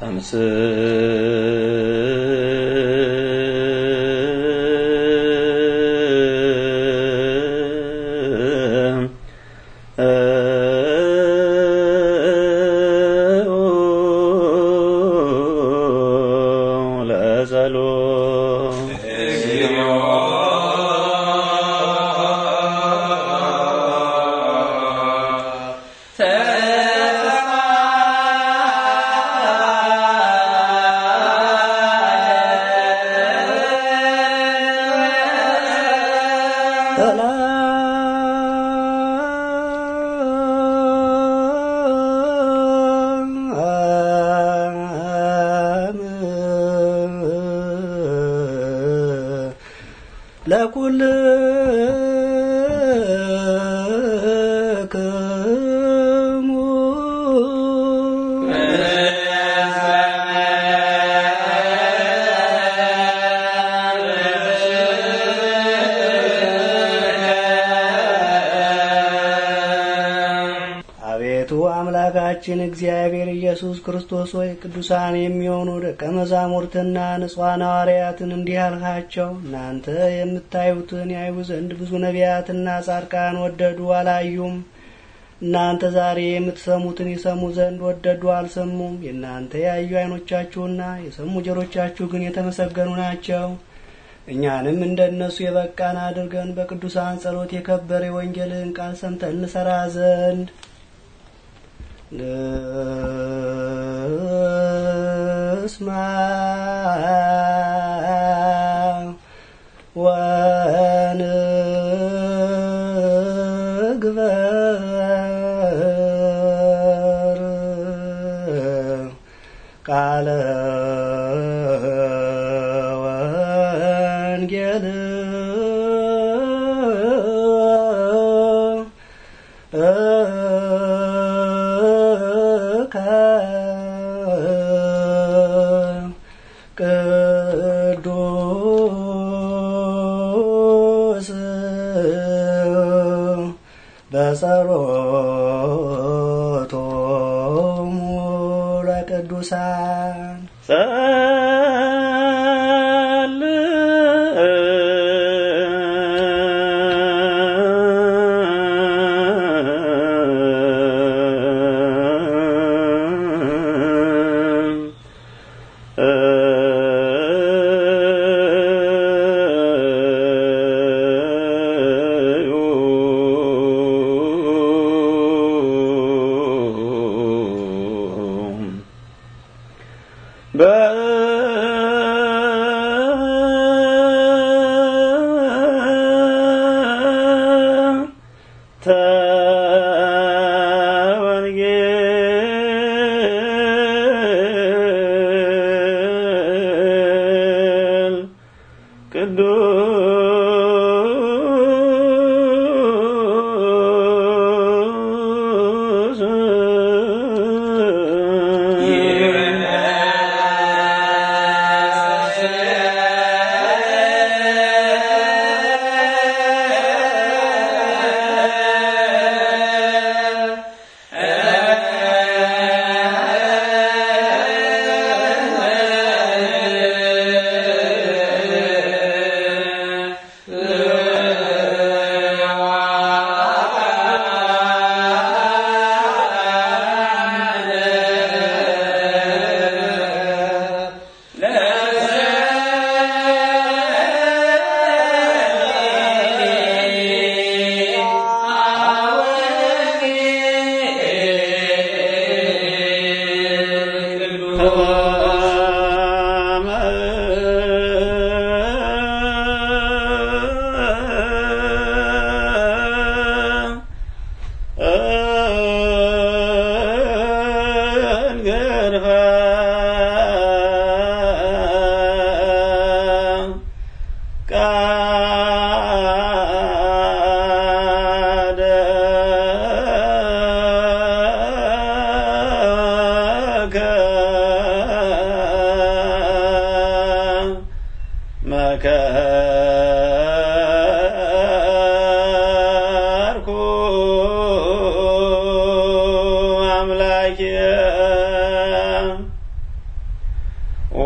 他是。አቤቱ አምላካችን እግዚአ ኢየሱስ ክርስቶስ ሆይ ቅዱሳን የሚሆኑ ደቀ መዛሙርትና ንጹሐን ሐዋርያትን እንዲህ አልካቸው፣ እናንተ የምታዩትን ያዩ ዘንድ ብዙ ነቢያትና ጻድቃን ወደዱ፣ አላዩም። እናንተ ዛሬ የምትሰሙትን ይሰሙ ዘንድ ወደዱ፣ አልሰሙም። የእናንተ ያዩ ዓይኖቻችሁና የሰሙ ጆሮቻችሁ ግን የተመሰገኑ ናቸው። እኛንም እንደ እነሱ የበቃን አድርገን በቅዱሳን ጸሎት የከበረ ወንጌልን ቃል ሰምተን እንሰራ ዘንድ Nusma Sun. ta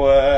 och uh,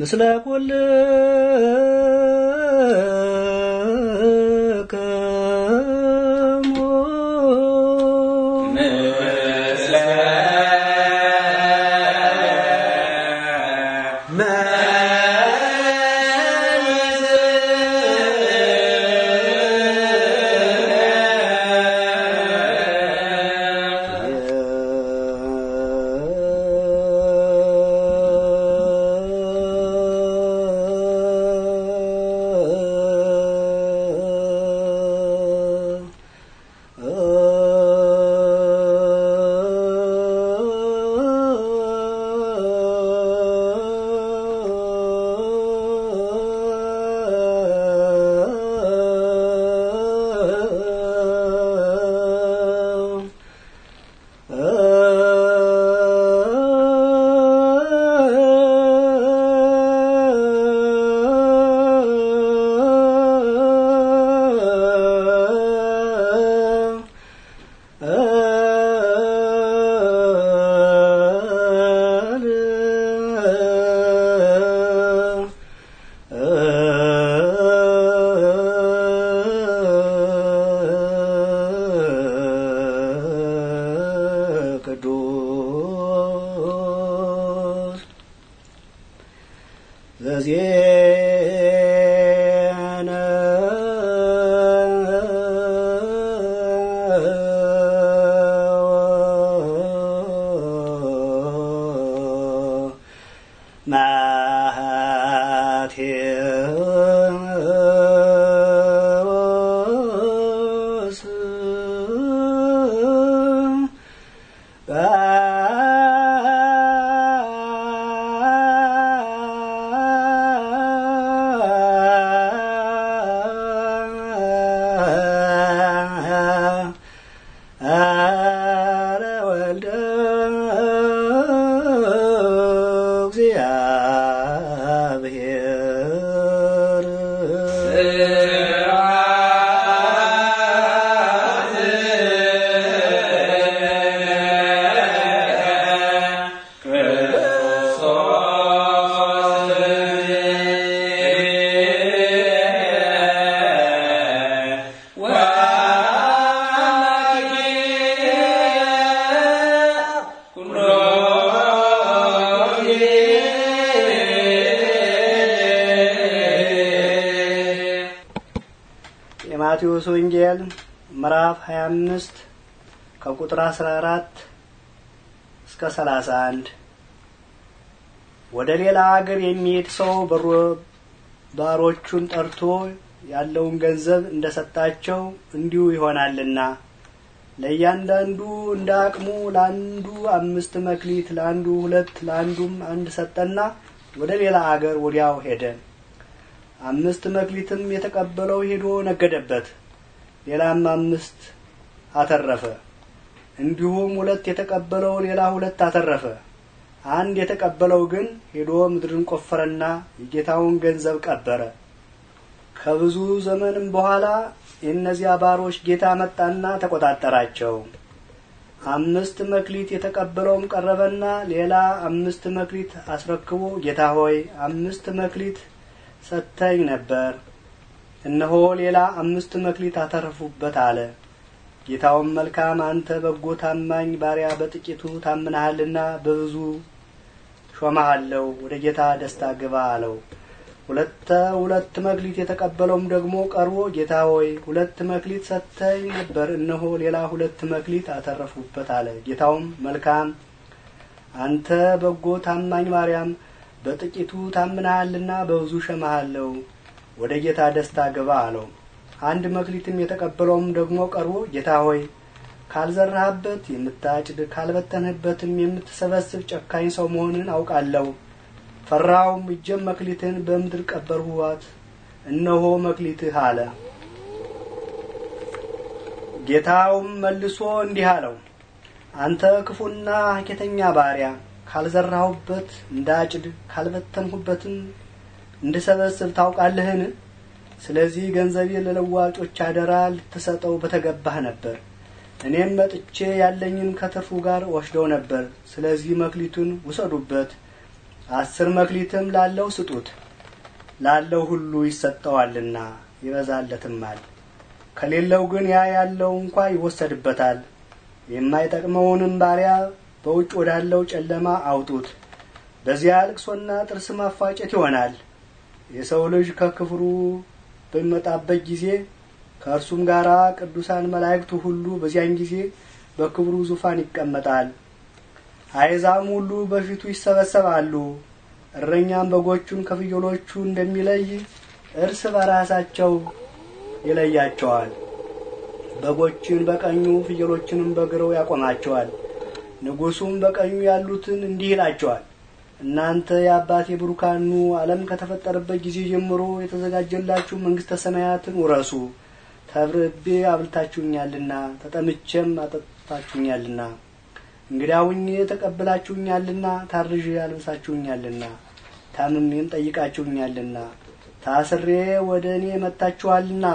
ምስለ ኩል አምስት ከቁጥር አስራ አራት እስከ ሰላሳ አንድ ወደ ሌላ አገር የሚሄድ ሰው ባሮቹን ጠርቶ ያለውን ገንዘብ እንደሰጣቸው እንዲሁ ይሆናልና ለእያንዳንዱ እንደ አቅሙ ለአንዱ አምስት መክሊት፣ ለአንዱ ሁለት፣ ለአንዱም አንድ ሰጠና ወደ ሌላ አገር ወዲያው ሄደ። አምስት መክሊትም የተቀበለው ሄዶ ነገደበት። ሌላም አምስት አተረፈ። እንዲሁም ሁለት የተቀበለው ሌላ ሁለት አተረፈ። አንድ የተቀበለው ግን ሄዶ ምድርን ቆፈረና የጌታውን ገንዘብ ቀበረ። ከብዙ ዘመንም በኋላ የእነዚያ ባሮች ጌታ መጣና ተቆጣጠራቸው። አምስት መክሊት የተቀበለውም ቀረበና ሌላ አምስት መክሊት አስረክቦ ጌታ ሆይ አምስት መክሊት ሰጥተኝ ነበር፣ እነሆ ሌላ አምስት መክሊት አተረፉበት አለ። ጌታውም መልካም አንተ በጎ ታማኝ ባሪያ በጥቂቱ ታምናሃልና በብዙ ሾመሃለሁ ወደ ጌታ ደስታ ግባ አለው። ሁለተ ሁለት መክሊት የተቀበለውም ደግሞ ቀርቦ ጌታ ሆይ ሁለት መክሊት ሰጥተኝ ነበር፣ እነሆ ሌላ ሁለት መክሊት አተረፉበት አለ። ጌታውም መልካም አንተ በጎ ታማኝ ማርያም በጥቂቱ ታምናሃልና በብዙ ሸመሃለሁ ወደ ጌታ ደስታ ግባ አለው። አንድ መክሊትም የተቀበለውም ደግሞ ቀርቦ ጌታ ሆይ ካልዘራህበት የምታጭድ ካልበተንህበትም የምትሰበስብ ጨካኝ ሰው መሆንን አውቃለሁ። ፈራውም እጀም መክሊትን በምድር ቀበርሁዋት፣ እነሆ መክሊትህ አለ። ጌታውም መልሶ እንዲህ አለው፣ አንተ ክፉና ሀኬተኛ ባሪያ፣ ካልዘራሁበት እንዳጭድ ካልበተንሁበትም እንድሰበስብ ታውቃለህን? ስለዚህ ገንዘቤ ለለዋጮች አደራ ልትሰጠው በተገባህ ነበር። እኔም መጥቼ ያለኝን ከትርፉ ጋር ወስደው ነበር። ስለዚህ መክሊቱን ውሰዱበት፣ አስር መክሊትም ላለው ስጡት፣ ላለው ሁሉ ይሰጠዋልና ይበዛለትማል። ከሌለው ግን ያ ያለው እንኳ ይወሰድበታል። የማይጠቅመውንም ባሪያ በውጭ ወዳለው ጨለማ አውጡት። በዚያ ልቅሶና ጥርስ ማፋጨት ይሆናል። የሰው ልጅ ከክፍሩ በሚመጣበት ጊዜ ከእርሱም ጋር ቅዱሳን መላእክቱ ሁሉ በዚያን ጊዜ በክብሩ ዙፋን ይቀመጣል። አይዛም ሁሉ በፊቱ ይሰበሰባሉ። እረኛም በጎቹን ከፍየሎቹ እንደሚለይ እርስ በራሳቸው ይለያቸዋል። በጎችን በቀኙ ፍየሎችንም በግራው ያቆማቸዋል። ንጉሱም በቀኙ ያሉትን እንዲህ ይላቸዋል፣ እናንተ የአባቴ ብሩካኑ ዓለም ከተፈጠረበት ጊዜ ጀምሮ የተዘጋጀላችሁ መንግስተ ሰማያትን ውረሱ። ተርቤ አብልታችሁኛልና፣ ተጠምቼም አጠጥታችሁኛልና፣ እንግዳውኝ ተቀብላችሁኛልና፣ ታርዤ አልብሳችሁኛልና፣ ታምሜም ጠይቃችሁኛልና፣ ታስሬ ወደ እኔ መጥታችኋልና።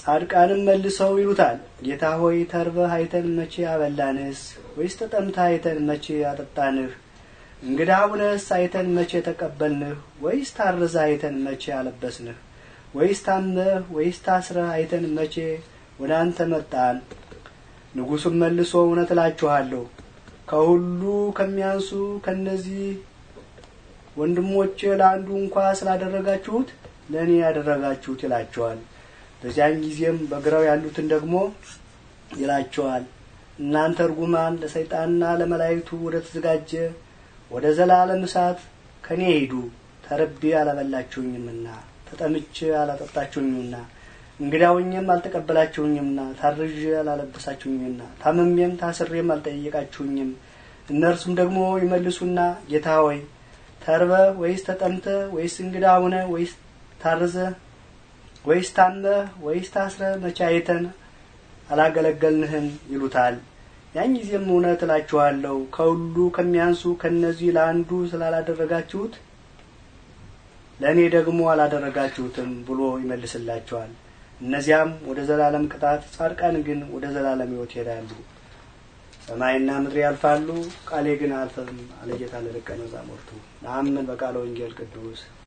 ጻድቃንም መልሰው ይሉታል፣ ጌታ ሆይ ተርበህ አይተን መቼ አበላንህ? ወይስ ተጠምተህ አይተን መቼ አጠጣንህ? እንግዳ ሁነህስ አይተን መቼ ተቀበልንህ ወይስ ታርዘህ አይተን መቼ አለበስንህ ወይስ ታመህ ወይስ ታስረህ አይተን መቼ ወደ አንተ መጣን ንጉሱም መልሶ እውነት እላችኋለሁ ከሁሉ ከሚያንሱ ከነዚህ ወንድሞች ለአንዱ እንኳ ስላደረጋችሁት ለእኔ ያደረጋችሁት ይላችኋል በዚያን ጊዜም በግራው ያሉትን ደግሞ ይላችኋል እናንተ እርጉማን ለሰይጣንና ለመላእክቱ ወደ ተዘጋጀ ወደ ዘላለም እሳት ከኔ ሂዱ ተርቤ አላበላችሁኝምና ተጠምቼ አላጠጣችሁኝምና እንግዳውኝም አልተቀበላችሁኝምና ታርዤ አላለበሳችሁኝምና ታምሜም ታስሬም አልጠየቃችሁኝም። እነርሱም ደግሞ ይመልሱና ጌታ ሆይ ተርበ ወይስ ተጠምተ ወይስ እንግዳ ሆነ ወይስ ታርዘ ወይስ ታመ ወይስ ታስረ መቻይተን አላገለገልንህም ይሉታል። ያን ጊዜም እውነት እላችኋለሁ ከሁሉ ከሚያንሱ ከእነዚህ ለአንዱ ስላላደረጋችሁት ለእኔ ደግሞ አላደረጋችሁትም ብሎ ይመልስላቸዋል። እነዚያም ወደ ዘላለም ቅጣት፣ ጻድቃን ግን ወደ ዘላለም ህይወት ይሄዳሉ። ሰማይና ምድር ያልፋሉ፣ ቃሌ ግን አልፈም አለ ጌታ ለደቀ መዛሙርቱ። ለአምን በቃለ ወንጌል ቅዱስ